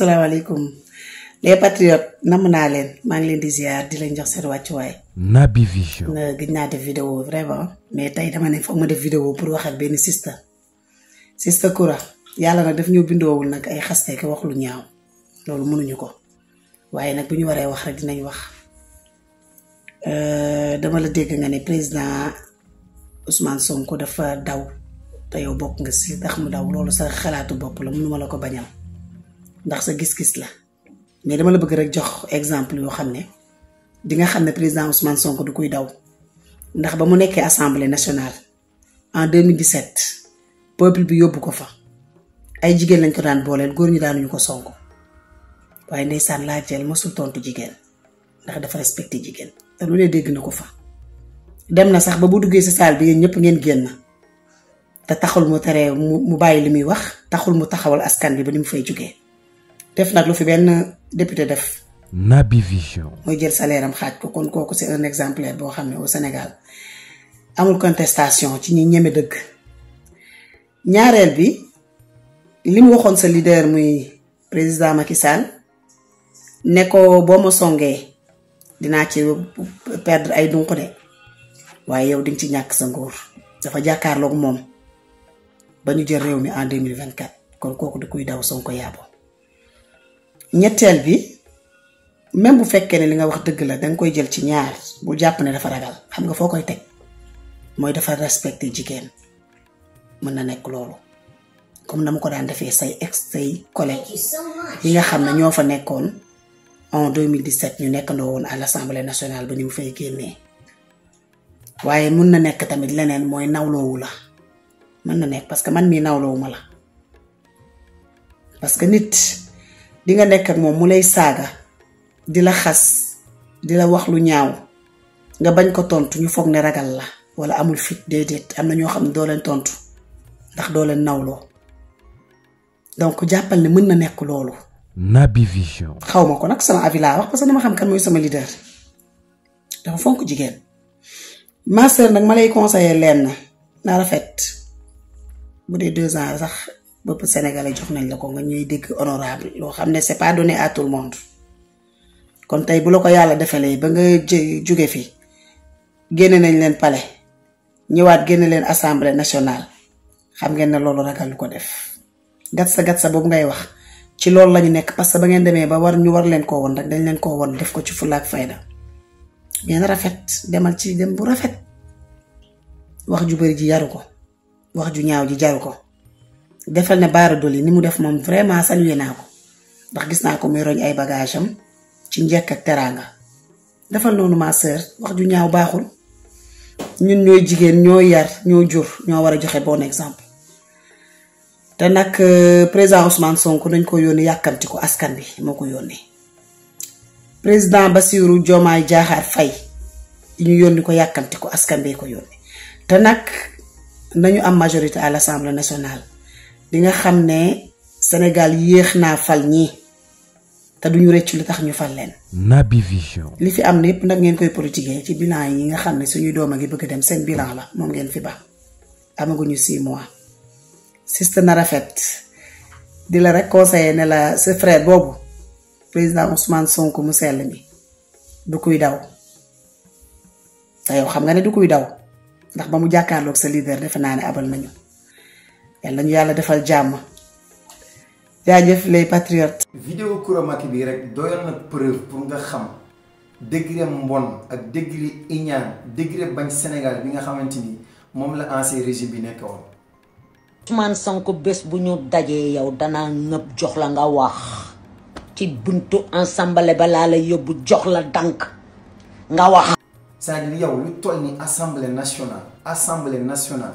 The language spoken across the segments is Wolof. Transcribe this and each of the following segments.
alaykum les patriotes nam na len ma ngi len di ziar di len jox seen wàccuwaay. Naby Vision. na gis de vidéo vraiment. mais tay dama ne fo mo def vidéo pour wax ak ben sister sister kura yalla nak daf ñu bindowul nak ay xasté ke wax lu ñaaw lolu mënu ñuko waaye nak bu ñu waree wax rek dinañ wax euh, dama la dégg nga né président Ousmane Sonko dafa daw tayo bok nga si tax mu daw lolu sa xalaatu bop la la ko bañal. ndax sa gis-gis la mais dama la bëgg rek jox exemple yoo xam ne di nga xam ne président Ousmane Sonko du kuy daw ndax ba mu nekkee assemblée nationale en 2017 peuple bi yóbbu ko fa ay jigéen lañ ko daan booleel góor ñu daanuñu ko Sonko waaye ndeysaan laajteel mosul tontu jigéen ndax dafa respecté jigéen te lu ne dégg na ko fa. dem na sax ba bu duggee si salle bi yéen ñëpp ngeen génn te taxul mu teree mu mu bàyyi li muy wax taxul mu taxawal askan bi ba ni mu fay def nag lu fi benn député def. Naby Vision. mooy jël salaire am xaaj ko kon kooku c'est un exemplaire boo xam ne au Sénégal amul contestation ci ñi ñeme dëgg ñaareel bi li mu waxoon sa leader muy président Macky Sall ne ko boo ma songee dinaa ci perdre ay dunq de waaye yow dinga ci ñàkk sa nguur dafa jàkkaarloog moom ba ñu jël réew mi en 2024 kon kooku di kuy daw ko yaabo ñetteel bi même bu fekkee ne li nga wax dëgg la danga koy jël ci ñaar bu jàpp ne dafa ragal xam nga foo koy teg mooy defar respecté jigéen mën na nekk loolu comme na mu ko daan defee say ex say collègue yi nga xam ne ñoo fa nekkoon en 2017 ñu nekkandoo woon à l'Assemblée nationale ba ni bu fay génnee waaye mun na nekk tamit leneen mooy nawloowu la mën na nekk parce que man mii nawloowu ma la parce nit di nga nekk ak moom mu lay saaga di la xas di la wax lu ñaaw nga bañ ko tontu ñu foog ne ragal la wala amul fit déedéet am na ñoo xam ne doo leen tontu ndax doo leen nawloo donc jàppal ne mën na nekk loolu. nabi Vision. xaw ma ko nag sama avis laa wax parce que dama xam kan mooy sama leader dafa fonk jigéen. ma sœur nag ma lay conseiller leen na rafet bu dee deux ans sax bëpp sénégalais jox nañ la ko nga ñuy dégg honorable loo xam ne est pas donné à tout le monde kon tey bu la ko yàlla defalee ba nga jóge fii génne nañ leen palais ñëwaat génne leen assemblée nationale xam ngeen ne loolu ragal lu ko def gat sa gat sa boobu ngay wax ci loolu lañu nekk parce que ba ngeen demee ba war ñu war leen koo won rek dañ leen koo won def ko ci fulaak fayda ngeen rafet demal ci dem bu rafet wax ju bari ji yaru ko wax ju ñaaw ji jaru ko defal ne baara doli ni mu def moom vraiment salué naa ko ndax gis naa ko muy roñ ay bagage am ci njekk ak teraanga defal noonu ma wax ju ñaaw baaxul ñun ñooy jigéen ñoo yar ñoo jur ñoo war a joxe bon exemple te nag euh, président Ousmane Sonko dañ ko yónni yàkkamti ko askan bi moo ko yónni président Bassirou Diomaye Diakhar fay ñu yónni ko yàkkamti ko askan bee ko yónni te nag nañu am majorité à l'Assemblée nationale di nga xam ne Sénégal yéex naa fal ñi te duñu rëcc lu tax ñu fal leen. Naby Vision. li fi am ne yëpp nag ngeen koy politiquer ci bilan yi nga xam ne suñu doom a ngi bëgg dem seen bilan la moom ngeen fi ba amaguñu six mois. siste na rafet di la rek conseiller ne la sa frère boobu président Ousmane Sonko mu sell mi du kuy daw te yow xam nga ne du kuy daw ndax ba mu jàkkaarloog sa leader defe naa ne abal nañu. yalla ñu yalla defal jàmm jaajëf les patriotes. vidéo Coura bi rek doyal na preuve pour nga xam degré mbon ak degré iñan degré bañ Sénégal bi nga xamanteni mom la ancien régime bi nekk woon. Ousmane Sonko bés bu ñu dajé yow na nëb jox la nga wax ci buntu ensemble ba la la yobbu jox la dank nga wax. c'est-à-dire yow lu toll ni assemblée nationale assemblée nationale.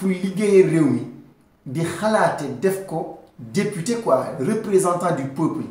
pour liguer réew mi di xalaate def ko député quoi représentant du peuple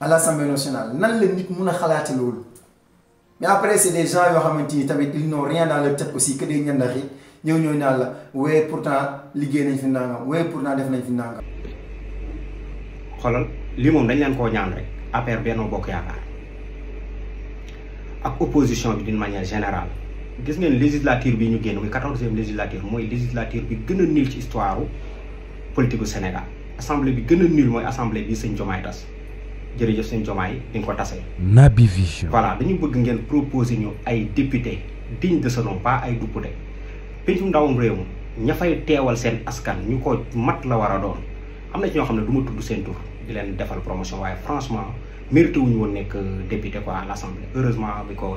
à l'Assemblée nationale nan le nit mun a xalaate mais après c'est des gens yo xamante ni tamit ils n'ont rien dans leur tête aussi que des ñandax yi ñëw ñëw naan la waaye pourtant liguer nañ fi nangam waaye pourtant def nañ fi nangam. xolal li mom dañ leen ko ñaan rek affaire Benno Bokk Yaakaar ak opposition bi d'une manière générale gis ngeen législature bi ñu génn muy 14e législature législature bi nul ci histoire politique Sénégal assemblée bi nul mooy assemblée bi sëñ Diomaye tas sëñ Diomaye di nga voilà dañu bëgg proposer ñu ay digne de ce nom pas ay askan doon promotion franchement wuñu député quoi à heureusement bi ko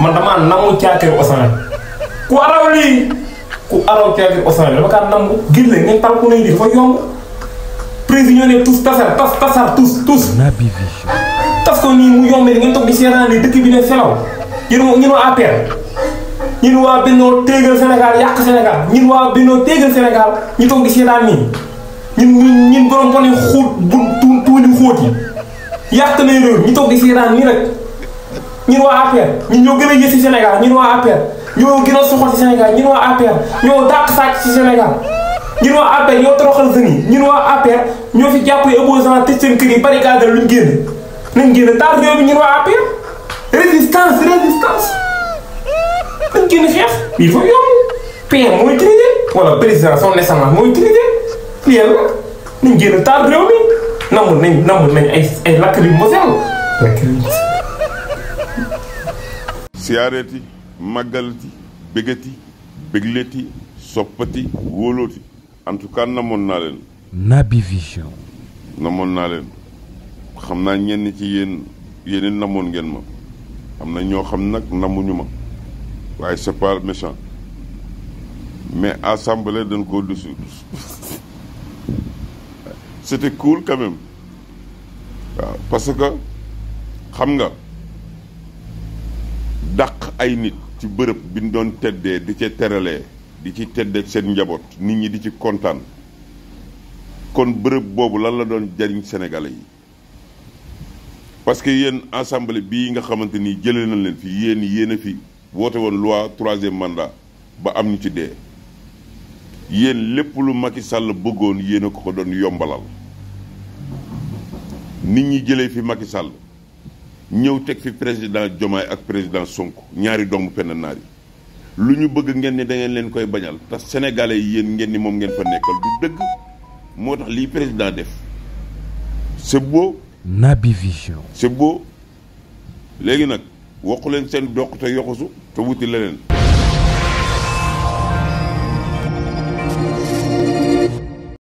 man dama namu ciakir osan ku araw li ku araw ciakir osan dama ka namu gille ngeen tal ku ne fa yomb prisonnier tous tasar tas tasar tous tous nabi vi tas ko ni mu yombe ngeen tok di séran ni dëkk bi ne felaw ñi ñi no appel ñi wa bino tégal sénégal yak sénégal ñi wa bino tégal sénégal ñi tok di séran ni ñin ñin borom ko xoot bu tuuni xoot yi yak na rew ñi tok di séran ni rek ñun waa APR ñun ñoo gën a yées ci Sénégal ñun waa APR ñoo gën a soxor ci Sénégal ñun waa APR ñoo dàq sàcc ci Sénégal ñun waa APR ñoo toroxal jeunes yi ñun waa APR ñoo fi jàppee opposant tëj seen kër yi barricade luñ génn nañ génn taal réew mi ñun waa APR résistance résistance dañ génn xeex il faut yomb PM mooy dirigé wala président son excellence mooy dirigé lii yàlla nañ génn taal réew mi namul nañ namul nañ ay ay lakk yu mosel lakk siyaareeti màggalati bëggati bëggleti soppati wóolooti en tout cas namoon naa leen Naby Vision namoon naa leen xam naa ñenn ci yéen yéeneen namoon ngeen ma am na ñoo xam nag namuñu ma waaye c'est pas méchant mais assemblée dañ koo dusu c'était cool quand même waaw parce que xam nga dàq ay nit ci bërëb bi ñu doon teddee di ca teralee di ci teddeeg seen njaboot nit ñi di ci kontaan kon bërëb boobu lan la doon jariñ sénégalais yi parce que yéen assemblée bii nga xamante ni jëlee nañ leen fi yéen yéen fi woote woon loi troisième mandat ba am ñu ci dee yéen lépp lu Macky Sall bëggoon yéen a ko ko doon yombalal nit ñi jëlee fi Macky Sall ñëw teg fi président jomaay ak président Sonko ñaari doomu penn naar yi lu ñu bëgg ngeen ni da ngeen leen koy bañal te sénégalais yi yéen ngeen ni moom ngeen ko nekkal du dëgg moo tax lii président def c'est beau. Naby Vision. c'est beau léegi nag waxu leen seen doq te yoxusu te wuti leneen.